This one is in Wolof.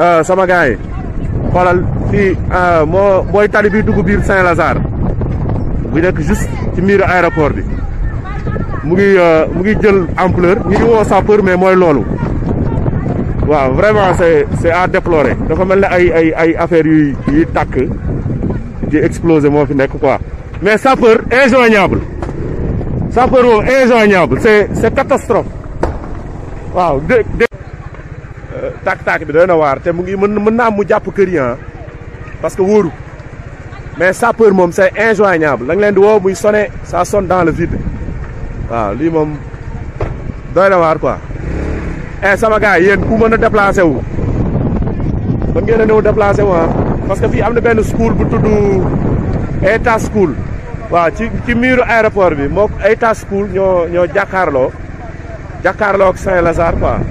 Ah, sama gars yi xoolal fii ah, moo mooy tali bi dugg biir Saint-Lazare bu nekk juste ci miiru aéroport bi mu ngi euh, mu ngi jël ampleur ñu ngi woo sapeur mais mooy loolu waaw vraiment c'est c'est à déplorer dafa mel ne ay ay ay affaires yuy yuy takk di exploser moo fi nekk quoi mais sapeur injoignable sapeur moom injoignable c'est c'est catastrophe waaw dé dé euh, tàkk-tàkk bi dana waar te mu ngi mën mën naa mu jàpp kër yi ah. parce que wóoru mais sapeur moom c'est injoignable da nga leen di woo muy sone ça sonne dans le vide waaw lii moom doy na waar quoi eh sama gars yéen ku mën a déplacé wu mën ngeen a ñëw déplacé wu ah parce que am na benn school bu tudd Eta school waaw ci ci miiru aéroport bi moo Eta school ñoo ñoo jàkkaarloo jàkkaarloo ak Saint-Lazare quoi